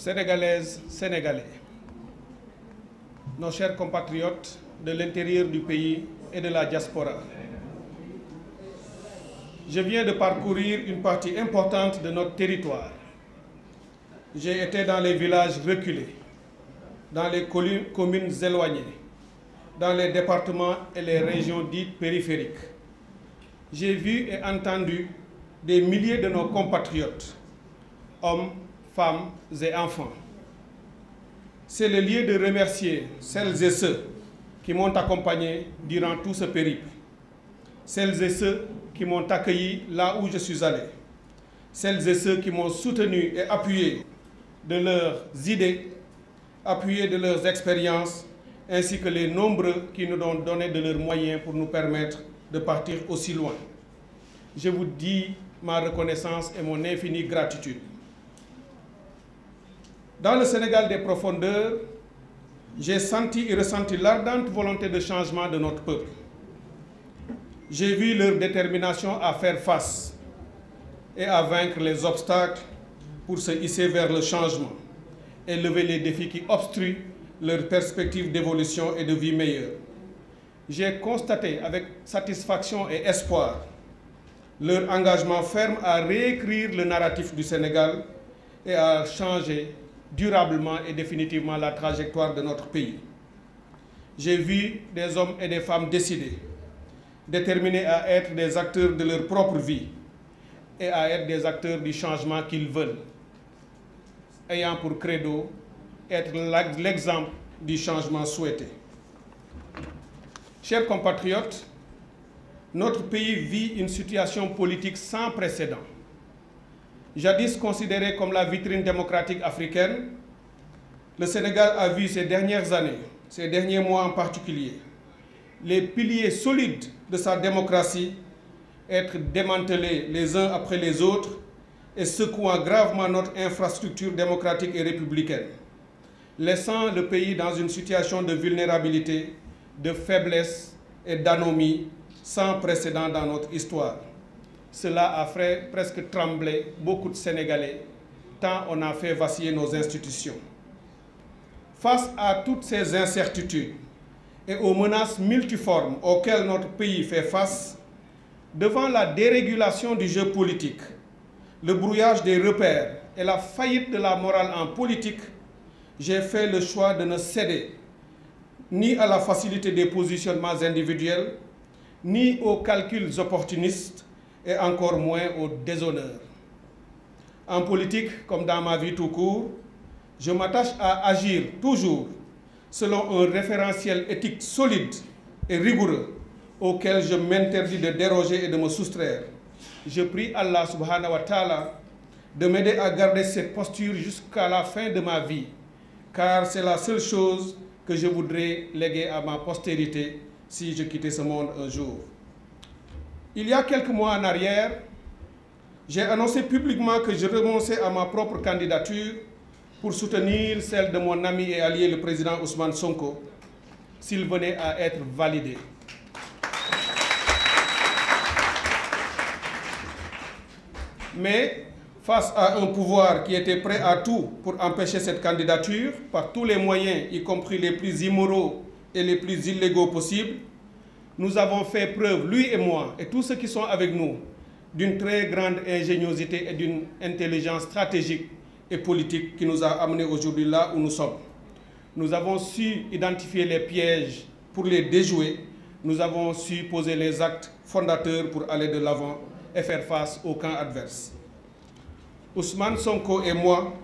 Sénégalaises, Sénégalais, nos chers compatriotes de l'intérieur du pays et de la diaspora, je viens de parcourir une partie importante de notre territoire. J'ai été dans les villages reculés, dans les communes éloignées, dans les départements et les régions dites périphériques. J'ai vu et entendu des milliers de nos compatriotes, hommes, femmes et enfants. C'est le lieu de remercier celles et ceux qui m'ont accompagné durant tout ce périple, celles et ceux qui m'ont accueilli là où je suis allé, celles et ceux qui m'ont soutenu et appuyé de leurs idées, appuyé de leurs expériences, ainsi que les nombreux qui nous ont donné de leurs moyens pour nous permettre de partir aussi loin. Je vous dis ma reconnaissance et mon infinie gratitude. Dans le Sénégal des profondeurs, j'ai senti et ressenti l'ardente volonté de changement de notre peuple. J'ai vu leur détermination à faire face et à vaincre les obstacles pour se hisser vers le changement et lever les défis qui obstruent leur perspective d'évolution et de vie meilleure. J'ai constaté avec satisfaction et espoir leur engagement ferme à réécrire le narratif du Sénégal et à changer durablement et définitivement la trajectoire de notre pays. J'ai vu des hommes et des femmes décidés, déterminés à être des acteurs de leur propre vie et à être des acteurs du changement qu'ils veulent, ayant pour credo être l'exemple du changement souhaité. Chers compatriotes, notre pays vit une situation politique sans précédent Jadis considéré comme la vitrine démocratique africaine, le Sénégal a vu ces dernières années, ces derniers mois en particulier, les piliers solides de sa démocratie être démantelés les uns après les autres et secouant gravement notre infrastructure démocratique et républicaine, laissant le pays dans une situation de vulnérabilité, de faiblesse et d'anomie sans précédent dans notre histoire. Cela a fait presque trembler beaucoup de Sénégalais, tant on a fait vaciller nos institutions. Face à toutes ces incertitudes et aux menaces multiformes auxquelles notre pays fait face, devant la dérégulation du jeu politique, le brouillage des repères et la faillite de la morale en politique, j'ai fait le choix de ne céder ni à la facilité des positionnements individuels, ni aux calculs opportunistes et encore moins au déshonneur. En politique, comme dans ma vie tout court, je m'attache à agir toujours selon un référentiel éthique solide et rigoureux auquel je m'interdis de déroger et de me soustraire. Je prie Allah subhanahu wa ta'ala de m'aider à garder cette posture jusqu'à la fin de ma vie, car c'est la seule chose que je voudrais léguer à ma postérité si je quittais ce monde un jour. Il y a quelques mois en arrière, j'ai annoncé publiquement que je renonçais à ma propre candidature pour soutenir celle de mon ami et allié le président Ousmane Sonko, s'il venait à être validé. Mais face à un pouvoir qui était prêt à tout pour empêcher cette candidature, par tous les moyens, y compris les plus immoraux et les plus illégaux possibles, nous avons fait preuve, lui et moi, et tous ceux qui sont avec nous, d'une très grande ingéniosité et d'une intelligence stratégique et politique qui nous a amenés aujourd'hui là où nous sommes. Nous avons su identifier les pièges pour les déjouer. Nous avons su poser les actes fondateurs pour aller de l'avant et faire face au camp adverse. Ousmane Sonko et moi,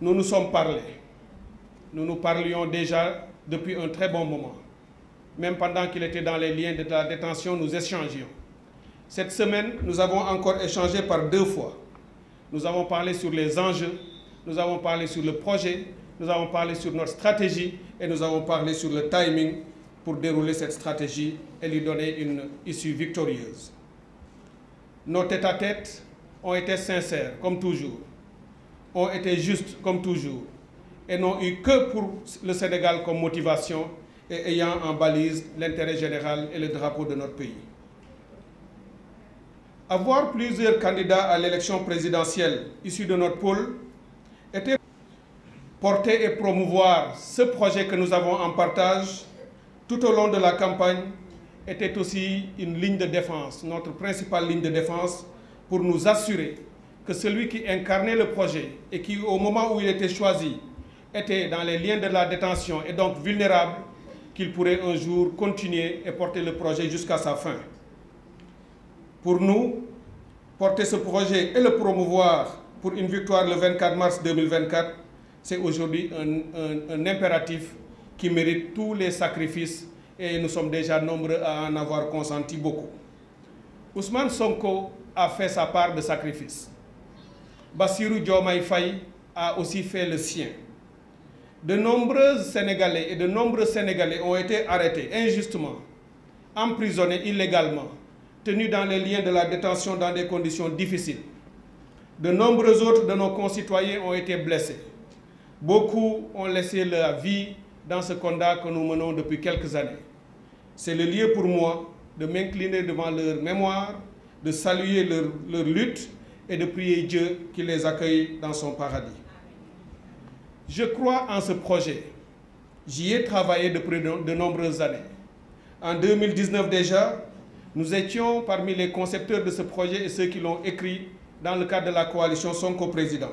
nous nous sommes parlés. Nous nous parlions déjà depuis un très bon moment. Même pendant qu'il était dans les liens de la détention, nous échangions. Cette semaine, nous avons encore échangé par deux fois. Nous avons parlé sur les enjeux, nous avons parlé sur le projet, nous avons parlé sur notre stratégie et nous avons parlé sur le timing pour dérouler cette stratégie et lui donner une issue victorieuse. Nos tête-à-tête ont été sincères, comme toujours, ont été justes, comme toujours, et n'ont eu que pour le Sénégal comme motivation et ayant en balise l'intérêt général et le drapeau de notre pays. Avoir plusieurs candidats à l'élection présidentielle issus de notre pôle était porter et promouvoir ce projet que nous avons en partage tout au long de la campagne était aussi une ligne de défense, notre principale ligne de défense pour nous assurer que celui qui incarnait le projet et qui, au moment où il était choisi, était dans les liens de la détention est donc vulnérable, qu'il pourrait un jour continuer et porter le projet jusqu'à sa fin. Pour nous, porter ce projet et le promouvoir pour une victoire le 24 mars 2024, c'est aujourd'hui un, un, un impératif qui mérite tous les sacrifices et nous sommes déjà nombreux à en avoir consenti beaucoup. Ousmane Sonko fait sa part de sacrifice. Bassirou Diomaye Faye a aussi fait le sien. de nombreux Sénégalais et de nombreux Sénégalais ont été arrêtés injustement, emprisonnés illégalement, tenus dans les liens de la détention dans des conditions difficiles. De nombreux autres de nos concitoyens ont été blessés. Beaucoup ont laissé leur vie dans ce combat que nous menons depuis quelques années. C'est le lieu pour moi de m'incliner devant leur mémoire, de saluer leur, leur lutte et de prier Dieu qui les accueille dans son paradis. Je crois en ce projet. J'y ai travaillé depuis de nombreuses années. En 2019 déjà, nous étions parmi les concepteurs de ce projet et ceux qui l'ont écrit dans le cadre de la coalition Sonko Président.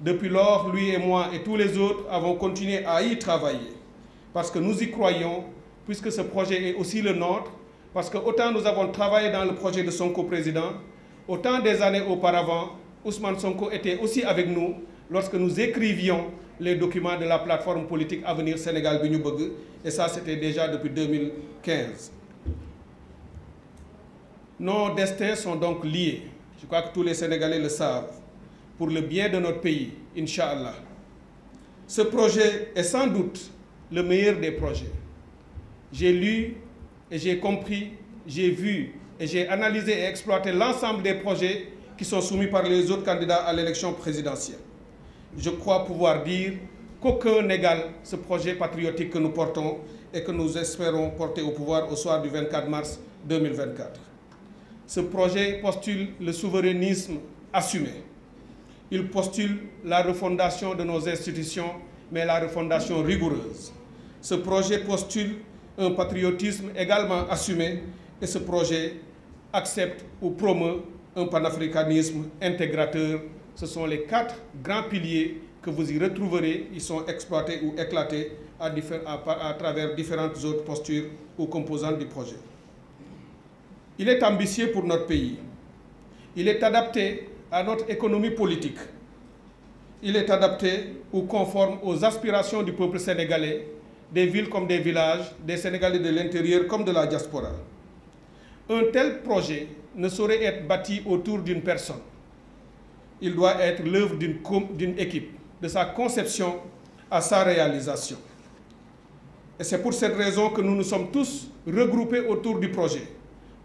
Depuis lors, lui et moi et tous les autres avons continué à y travailler parce que nous y croyons, puisque ce projet est aussi le nôtre, parce que autant nous avons travaillé dans le projet de Sonko Président, autant des années auparavant, Ousmane Sonko était aussi avec nous lorsque nous les documents de la plateforme politique Avenir Sénégal bi ñu bëgg et ça c'était déjà depuis 2015 nos destins sont donc liés je crois que tous les Sénégalais le savent pour le bien de notre pays incha allah ce projet est sans doute le meilleur des projets j'ai lu et j'ai compris j'ai vu et j'ai analysé et exploité l'ensemble des projets qui sont soumis par les autres candidats à l'élection présidentielle je crois pouvoir dire qu'aucun n'égale projet patriotique que nous portons et que nous espérons porter au pouvoir au soir du 24 mars 2024. projet postule le souverainisme assumé. Il postule la refondation de nos institutions, mais la refondation rigoureuse. Ce projet postule patriotisme également assumé et ce projet accepte ou promeut un panafricanisme ce sont les quatre grands piliers que vous y retrouverez. Ils sont exploités ou éclatés à, à, à travers différentes autres postures ou composantes du projet. Il est ambitieux pour notre pays. Il est adapté à notre économie politique. Il est adapté ou conforme aux aspirations du peuple sénégalais, des villes comme des villages, des Sénégalais de l'intérieur comme de la diaspora. Un tel projet ne saurait être bâti autour d'une personne il doit être l'œuvre d'une équipe, de sa conception à sa réalisation. Et c'est pour cette raison que nous nous sommes tous regroupés autour du projet,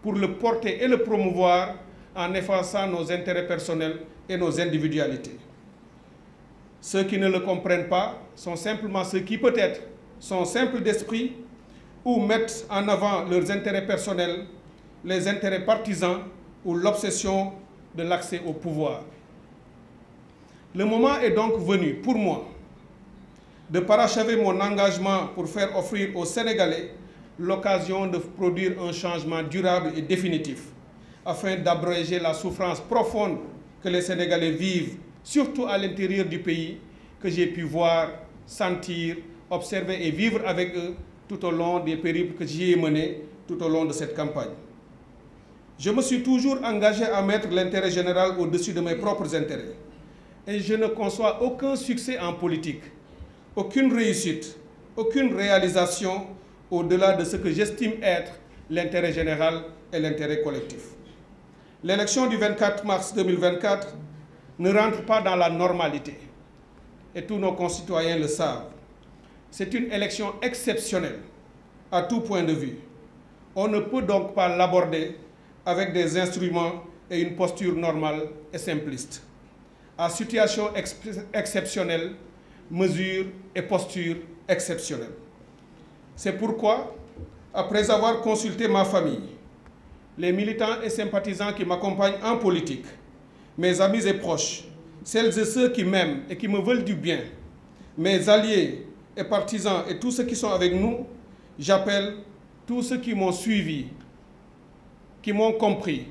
pour le porter et le promouvoir en effaçant nos intérêts personnels et nos individualités. Ceux qui ne le comprennent pas sont simplement ceux qui peut-être sont simples d'esprit ou mettent en avant leurs intérêts personnels, les intérêts partisans ou l'obsession de l'accès au pouvoir. Le moment est donc venu pour moi de parachever mon engagement pour faire offrir aux Sénégalais l'occasion de produire un changement durable et définitif afin d'abréger la souffrance profonde que les Sénégalais vivent, surtout à l'intérieur du pays, que j'ai pu voir, sentir, observer et vivre avec eux tout au long des périples que j'y ai menés tout au long de cette campagne. Je me suis toujours engagé à mettre l'intérêt général au-dessus de mes propres et je ne conçois aucun succès en politique, aucune réussite, aucune réalisation au-delà de ce que j'estime être l'intérêt général et l'intérêt collectif. L'élection du 24 mars 2024 ne rentre pas dans la normalité et tous nos le savent. C'est une élection exceptionnelle à tout point de vue. On ne peut donc pas l'aborder avec des instruments et une posture normale et à situation exceptionnelle, mesures et postures exceptionnelles. C'est pourquoi, après avoir consulté ma famille, les militants et sympathisants qui m'accompagnent en politique, mes amis et proches, celles et ceux qui m'aiment et qui me veulent du bien, mes alliés et partisans et tous ceux qui sont avec nous, j'appelle tous ceux qui m'ont suivi, qui m'ont compris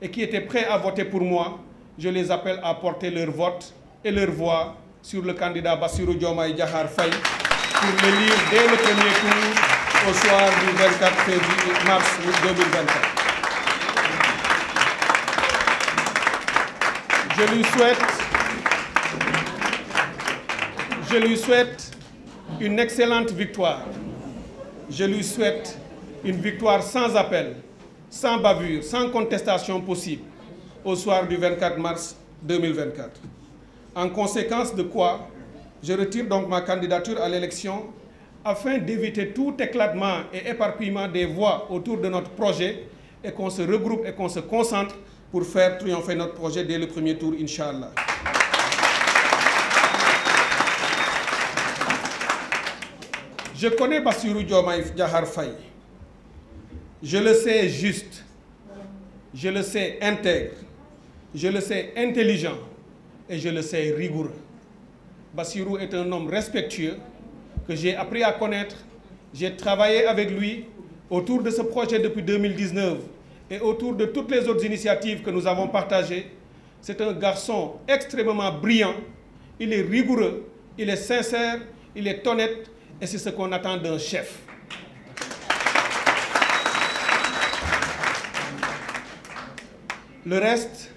et qui étaient prêts à voter pour moi je les appelle à porter leur vote et leur voix sur le candidat Bassirou Diomaye Diakhar Faye pour l'élire dès le premier tour au soir du 24 février mars 2024. Je lui souhaite je lui souhaite une excellente victoire. Je lui souhaite une victoire sans appel, sans bavure, sans contestation possible. au soir du 24 mars 2024. En conséquence de quoi, je retire donc ma candidature à l'élection afin d'éviter tout éclatement et éparpillement des voix autour de notre projet et qu'on se regroupe et pour faire triompher notre projet dès le premier tour, Inch'Allah. Je connais Bassirou Diomaye Diahar Faye. Je le sais juste. Je je le sais intelligent et je le sais rigoureux. Bassirou est un homme respectueux que j'ai appris à connaître. J'ai travaillé avec lui autour de ce projet depuis 2019 et autour de toutes les autres initiatives que nous avons partagées. C'est un garçon extrêmement brillant, il est rigoureux, il est sincère, il est honnête et c'est ce qu'on attend d'un chef. Le reste,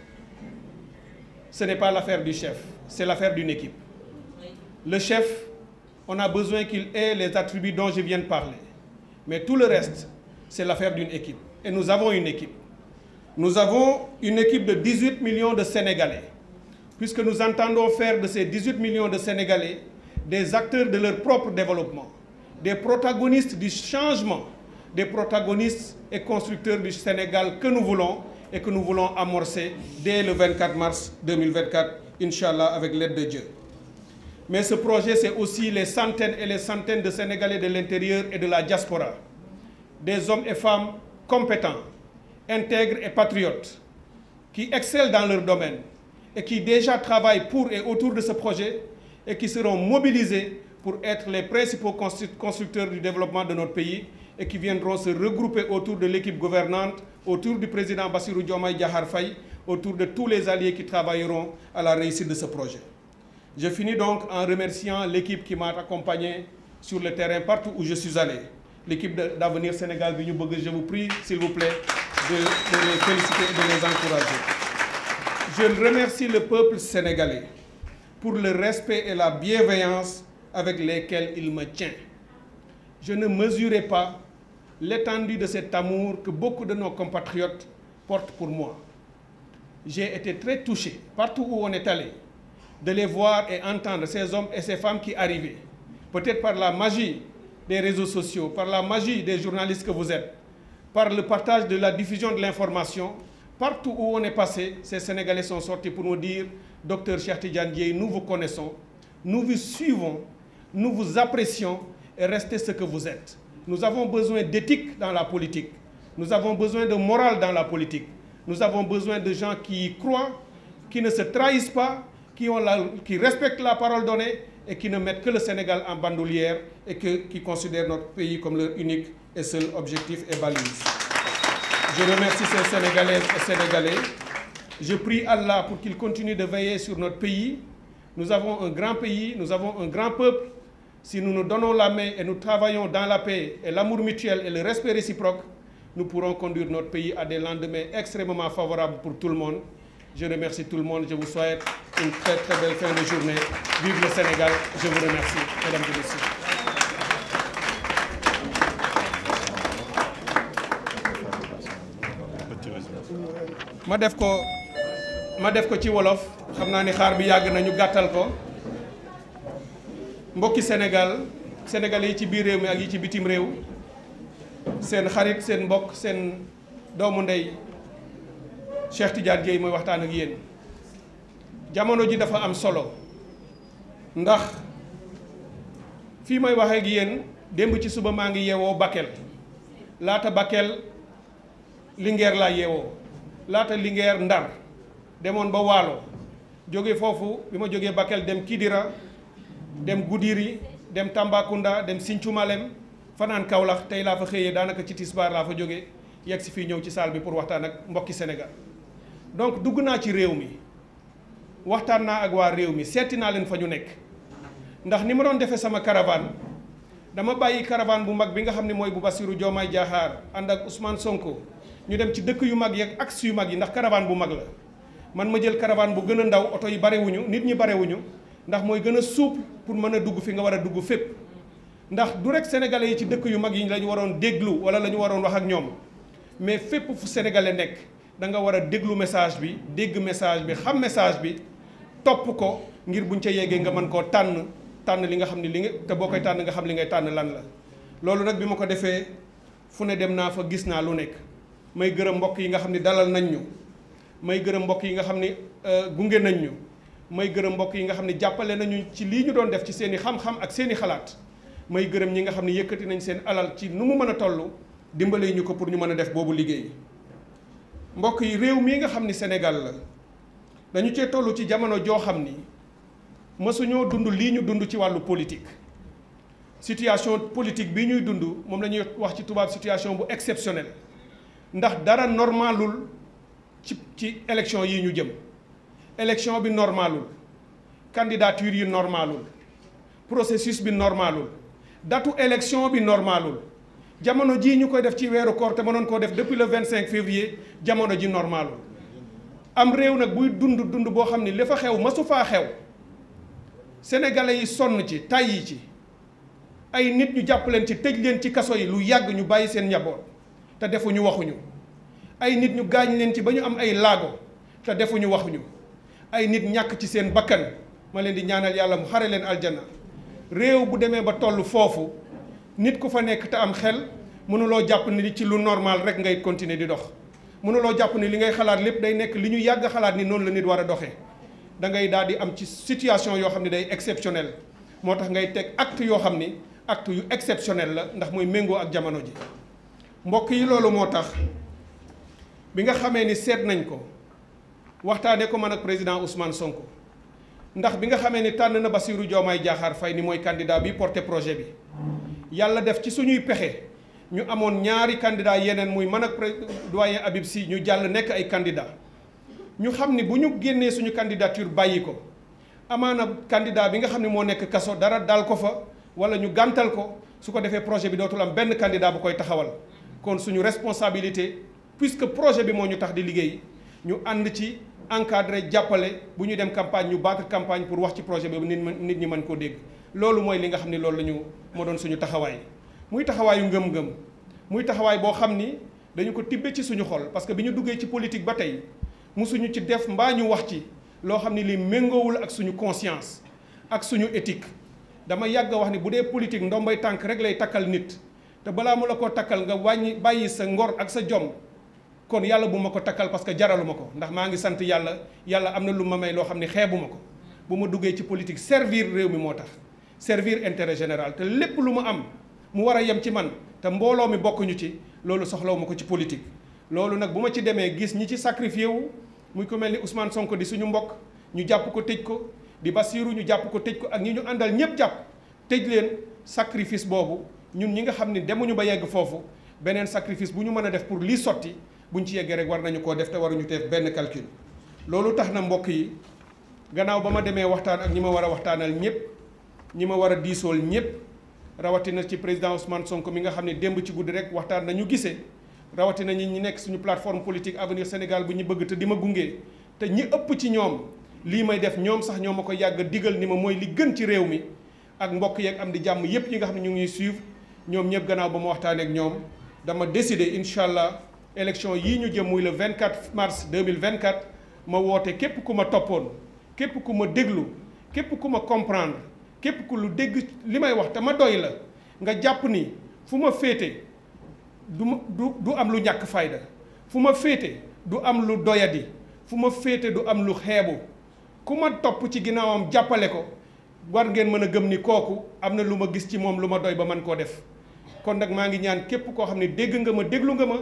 ce n'est pas l'affaire du chef, c'est l'affaire d'une équipe. Le chef, on a besoin qu'il ait les attributs dont je viens de parler. Mais tout le reste, c'est l'affaire d'une équipe. Et nous avons une équipe. Nous avons une équipe de 18 millions de Sénégalais, puisque nous entendons faire de ces 18 millions de Sénégalais des acteurs de leur propre développement, des protagonistes du changement, des protagonistes et constructeurs du Sénégal que et que nous voulons amorcer dès le 24 mars 2024, Inch'Allah, avec l'aide de Dieu. Mais ce projet, c'est aussi les centaines et les centaines de Sénégalais de l'intérieur et de la diaspora, des hommes et femmes compétents, intègres et patriotes, qui excellent dans leur domaine et qui déjà pour et autour de ce projet et qui seront mobilisés pour être les principaux constructeurs du développement de notre pays et autour de l'équipe gouvernante autour du président Bassirou Diomaye Diakhar Faye, autour de tous les alliés qui travailleront à la réussite de ce projet. Je finis donc en remerciant l'équipe qui m'a accompagné sur le terrain partout où je suis allé. L'équipe d'Avenir Sénégal bi ñu bëgg, je vous prie, s'il vous plaît, de, de les féliciter et de les encourager. Je remercie le peuple sénégalais pour le respect et la bienveillance avec lesquels il me tient. Je ne mesurais pas l'étendue de cet amour que beaucoup de nos compatriotes portent pour moi. J'ai été très touché, partout où on est allé, de les voir et entendre ces hommes et ces femmes qui arrivaient. Peut-être par la magie des réseaux sociaux, par la magie des journalistes que vous êtes, par le partage de la diffusion de l'information, partout où on est passé, ces Sénégalais sont sortis pour nous dire « Docteur Cheikh Diagne, nous vous connaissons, nous vous suivons, nous vous apprécions Nous avons besoin d'éthique dans la politique. Nous avons besoin de morale dans la politique. Nous avons besoin de gens qui y croient, qui ne se trahissent pas, qui, la, qui respectent la parole donnée et qui ne mettent que le Sénégal en bandoulière et que, qui considèrent notre pays comme leur unique et seul objectif et balise. Je remercie ces Sénégalaises et Sénégalais. Je prie Allah pour qu'il continue de veiller sur notre pays. Nous avons un pays, nous avons un grand peuple Si nu nu donnons la main et nous travaillons dans la paix et l'amour mutuel et le respect réciproque, nous pourrons conduire notre pays à des lendemains extrêmement favorables pour tout le monde. Je remercie tout le monde. Je vous souhaite une très très belle fin de journée. Vive le Sénégal. Je vous remercie, ma def ko ma def ko ci wolof xam naa ni xaar bi yàgg na ñu gàttal ko mbokki senegal senegal yi ci biir réew mi ak yi ci bitim réew seen xarit seen mbokk seen doomu ndey Cheikh Tidiane Dièye mooy waxtaan ak yéen jamono ji dafa am solo ndax fii may waxee ak yéen démb ci suba maa ngi yeewoo Bakel laata Bakel Linguère laa yeewoo laata Linguère Ndar demoon ba Waalo jóge foofu bi ma jógee Bakel dem Kidira dem Goudiri dem Tambacounda dem Sinthiou Malem fanaan kawlax tey laa fa xëyee daanaka ci tisbaar laa fa jóge yegg si fii ñëw ci saal bi pour waxtaan ak mbokki senegal donc dugg naa ci réew mi waxtaan naa ak waa réew mi seeti naa leen fa ñu nekk ndax ni ma doon defee sama caravane dama bàyyi caravane bu mag bi nga xam ne mooy bu Bassirou Diomaye Diakhar ànd ak Ousmane Sonko ñu dem ci dëkk yu mag yi ak axe yu mag yi ndax caravane bu mag la man ma jël caravane bu gën a ndaw oto yi barewuñu nit ñi barewuñu ndax mooy gën a souple pour mën a dugg fi nga war a dugg fépp ndax du rek sénégalais yi ci dëkk yu mag yi la ñu waroon déglu wala la waroon wax ak ñoom mais fépp fu sénégalais nekk da nga war a déglu message bi dégg message bi xam message bi topp ko ngir buñ ca yeggee nga mën koo tànn tànn li nga xam ne li nga te boo koy tànn nga xam li ngay tànn lan la loolu nag bi ma ko defee fu ne dem naa fa gis naa lu nekk may gërëm mbokk yi nga xam ne dalal nañ ñu may gërëm mbokk yi nga xam ne euh, gunge nañ ñu may gërëm mbokk yi nga xam ne jàppale nañu ci lii ñu doon def ci seeni i xam-xam ak seeni xalaat may gërëm ñi nga xam ne yëkkati nañ seen alal ci nu mu mën a toll dimbale ñu ko pour ñu mën a def boobu liggéey mbokk yi réew mii nga xam ni Sénégal la dañu cee toll ci jamono joo xam ni ma mësuñoo dund lii ñu dund ci wàllu politique situation politique bii ñuy dund moom la ñuy wax ci tubaab situation bu exceptionnelle ndax dara normalul ci ci élection yi ñu jëm élection bi normalul candidature yi normalul processus bi normalul datu élection bi normalul jamono jii ñu koy def ci weeru koor te mënoon koo def depuis le 25 février jamono ji normalul am réew nag buy dund dund boo xam ni li fa xew masu faa xew sénégalais yi sonn ci tàyyi ci ay nit ñu jàpp leen ci tëj leen ci kaso yi lu yàgg ñu bàyyi seen njaboot te defuñu waxuñu ay nit ñu gaañ leen ci ba ñu am ay laago te defuñu waxuñu ay nit ñàkk ci seen bakkan ma leen di ñaanal yàlla mu xare leen aljana réew bu demee ba toll foofu nit ku fa nekk te am xel mënuloo jàpp ni ci lu normal rek ngay continuer di dox mënuloo jàpp ni li ngay xalaat lépp day nekk li ñu yàgg xalaat ni noonu la nit war a doxee dangay ngay daal di am ci situation yoo xam ne day exceptionnel moo tax ngay teg act yoo xam ni act yu exceptionnel la ndax mooy méngoo ak jamono ji mbokk yi loolu moo tax bi nga xamee ni seet nañ ko waxtaanee ko man ak président Ousmane Sonko ndax bi nga xamee ni tànn na Bassirou Diomaye Diakhar fay ni mooy candidat bi porté projet bi yàlla def ci suñuy pexe ñu amoon ñaari candidat yeneen muy mën ak doyen Habib Sy ñu jàll nekk ay candidat ñu xam ni bu ñu génnee suñu candidature bàyyi ko amaana candidat bi nga xam ne moo nekk kaso dara dal ko fa wala ñu gàntal ko su ko defee projet bi dootul am benn candidat bu koy taxawal kon suñu responsabilité puisque projet bi moo ñu tax di liggéey ànd ci encadrer jàppale bu ñu dem campagne yu battre campagne pour wax ci projet boobu nit nit ñi man koo dégg loolu mooy li nga xam ni loolu la ñu doon suñu taxawaay muy taxawaayu ngëm-ngëm muy taxawaay boo xam ni dañu ko tibbe ci suñu xol parce que bi ñu duggee ci politique ba tey musuñu ci def mbaa ñu wax ci loo xam ni li méngoowul ak suñu conscience ak suñu éthique dama yàgg wax ni bu dee politique ndombay tànk rek lay takkal nit te balaa mu la ko takkal nga wàññi bàyyi sa ngor ak sa jom kon yàlla bu ma ko takkal parce que jaralu ko ndax maa ngi sant yàlla yàlla am na lu ma may loo xam ni xeebu ma ko bu ma duggee ci politique servir réew mi moo tax servir intérêt général te lépp lu ma am mu war a yem ci man te mbooloo mi bokkuñu ci loolu soxlaw ma ko ci politique loolu nag bu ma ci demee gis ñi ci sacrifié wu muy ko mel ni Ousmane Sonko di suñu mbokk ñu jàpp ko tëj ko di Bassirou ñu jàpp ko tëj ko ak ñu ñu àndal ñëpp jàpp tëj leen sacrifice boobu ñun ñi nga xam ne demuñu ba yegg foofu beneen sacrifice bu ñu mën a def pour lii sotti bu ñu ci yeggee rek war nañu koo def te waruñu teef benn calcul loolu tax na mbokk yi gannaaw ba ma demee waxtaan ak ñi ma war a waxtaanal ñëpp ñi ma war a diisool ñëpp rawatina ci président Ousmane Sonko mi nga xam ne démb ci guddi rek waxtaan nañu gisee rawatina ñi ñi nekk suñu plateforme politique avenir Sénégal bu ñu bëgg te di ma gunge te ñi ëpp ci ñoom lii may def ñoom sax ñoo ma ko yàgg digal ni ma mooy li gën ci réew mi ak mbokk yeeg am di jàmm yëpp yi nga xam ne ñu ngi suivre ñoom ñëpp gannaaw ba ma waxtaanee ñoom dama décidé incha allah élection yii ñu jëm muy le 24 mars 2024 ma woote képp ku ma toppoon képp ku ma déglu képp ku ma comprendre képp ku lu dégg li may wax te ma doy la nga jàpp ni fu ma féete du du am lu ñàkk fayda fu ma féete du am lu doyadi fu ma féete du am lu xeebu ku ma topp ci ginnaawam jàppale ko war ngeen mën a gëm ni kooku am na lu ma gis ci moom lu ma doy ba man koo def kon nag maa ngi ñaan képp koo xam ne dégg nga ma déglu nga ma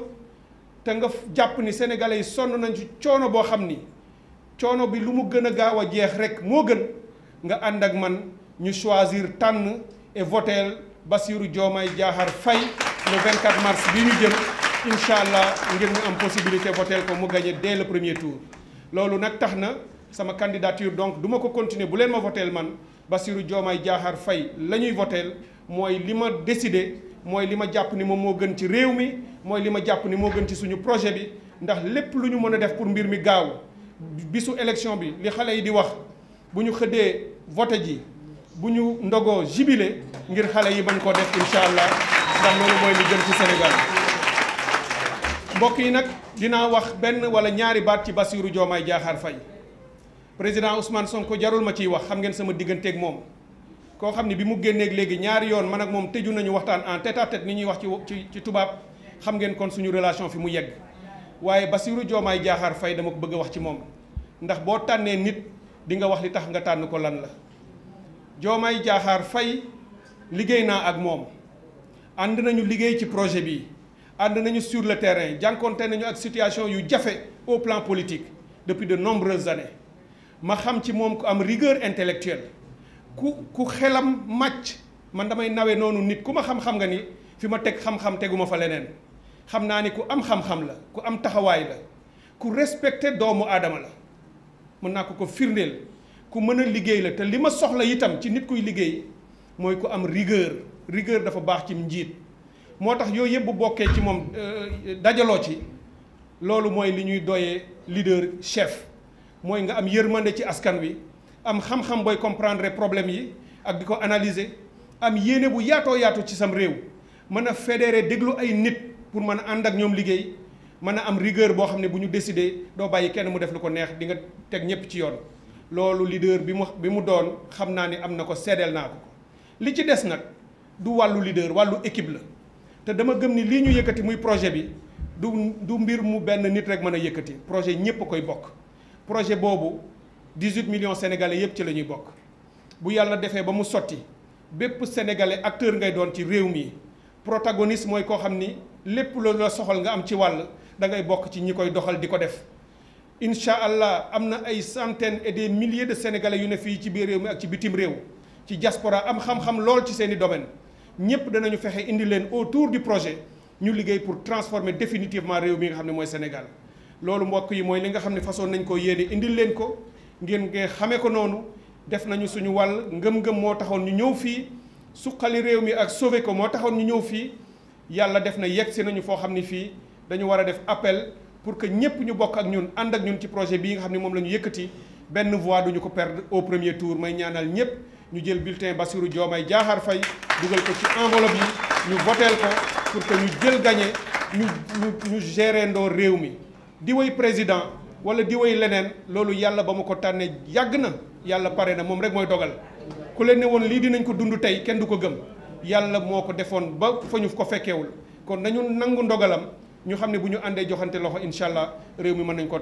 te nga jàpp ni sénégalais yi sonn nañ ci coono boo xam ni coono bi lu mu gën a gaaw a jeex rek moo gën nga ànd ak man ñu choisir tànn et voter Bassirou Diomaye Diakhar Faye le 24 mars bi ñu jël incha allah ngir ñu am possibilité voter ko mu gagné dès le premier tour loolu nag tax na sama candidature donc du ma ko continuer bu leen ma voter man Bassirou Diomaye jaaxaar fay la ñuy voter mooy li ma désidé mooy li ma jàpp ni moom moo gën ci réew mi mooy li ma jàpp ni moo gën ci suñu projet bi ndax lépp lu ñu mën a def pour mbir mi gaaw bisu élection bi li xale yi di wax bu ñu xëddee vote ji bu ñu ndogoo jibile ngir xale yi bañ koo def incha allah ndax loolu mooy lu gën ci Sénégal mbokk yi nag dinaa wax benn wala ñaari baat ci Bassirou Diomaye jaaxaar fay président Ousmane Sonko jarul ma ciy wax xam ngeen sama digganteeg moom. koo xam ne bi mu génneeg léegi ñaari yoon man ak moom tëju nañu waxtaan en tête à ni ñuy wax ci ci ci tubaab xam ngeen kon suñu relation fi mu yegg waaye Bassirou Diomaye jaaxaar fay dama ko bëgg wax ci moom ndax boo tànnee nit di nga wax li tax nga tànn ko lan la Diomaye jaaxaar fay liggéey naa ak moom ànd nañu liggéey ci projet bi ànd nañu sur le terrain jànkoonte nañu ak situation yu jafe au plan politique depuis de nombreuses années ma xam ci moom ku am rigueur intellectuelle ku ku xelam màcc man damay nawe noonu nit ku ma xam-xam nga ni fi ma teg xam-xam teguma fa leneen xam naa ni ku am xam-xam la ku am taxawaay la ku respecté doomu aadama la mën naa ko ko firndeel ku mën a liggéey la te li ma soxla itam ci nit kuy liggéey mooy ku am rigueur rigueur dafa baax ci mu njiit moo tax yooyu yëpp bu bokkee ci moom euh, euh, dajaloo ci loolu mooy li ñuy doyee leader chef mooy nga am yërmande ci askan wi am xam-xam booy comprendre problème yi ak di ko analyser am yéene bu yaatoo yaatu ci sam réew mën a fédérer déglu ay nit pour mën a ànd ak ñoom liggéey mën a am rigueur boo xam ne bu ñu décider doo bàyyi kenn mu def lu ko neex di nga teg ñépp ci yoon loolu leader bi mu bi mu doon xam naa ni am na ko seedeel naa ko li ci des nag du wàllu leader wàllu équipe la te dama gëm ni lii ñu yëkkati muy projet bi du du mbir mu benn nit rek mën a yëkkati projet ñépp koy bokk projet boobu 18 millions sénégalais yépp ci la ñuy bokk bu yàlla defee ba mu sotti bépp sénégalais acteur ngay doon ci réew mi protagoniste mooy koo xam ni lépp loolu la soxal nga am ci wàll da ngay bokk ci ñi koy doxal di ko def incha allah am na ay centaines et des milliers de sénégalais yu ne fii ci biir réew mi ak ci bitim réew ci diaspora am xam-xam lool ci seen i domaine ñépp danañu fexe indi leen autour du projet ñu liggéey pour transformer définitivement réew mi nga xam ne mooy Sénégal loolu mbokk yi mooy li nga xam ne façon nañ ko yéene indil leen ko ngeen nga xamee ko noonu def nañu suñu wàll ngëm-ngëm moo taxoon ñu ñëw fii suqali réew mi ak sauver ko moo taxoon ñu ñëw fii yàlla def na yegg si nañu foo xam ni fii dañu war a def appel pour que ñëpp ñu bokk ak ñun ànd ak ñun ci projet bii nga xam ne moom la ñu yëkkati benn voix duñu ko perdre au premier tour may ñaanal ñëpp ñu jël bulletin Bassirou Diomaye Diakhar Faye dugal ko ci enveloppe yi ñu voteel ko pour que ñu jël gagné ñu ñu ñu gérer réew mi di président wala di way leneen loolu yàlla ba mu ko tànnee yàgg na yàlla pare na moom rek mooy dogal ku leen ne woon lii dinañ ko dund tey kenn du ko gëm yàlla moo ko defoon ba fa ñu ko fekkeewul kon nañu nangu ndogalam ñu xam ne bu ñu àndee joxante loxo incha allah réew mi mën nañ ko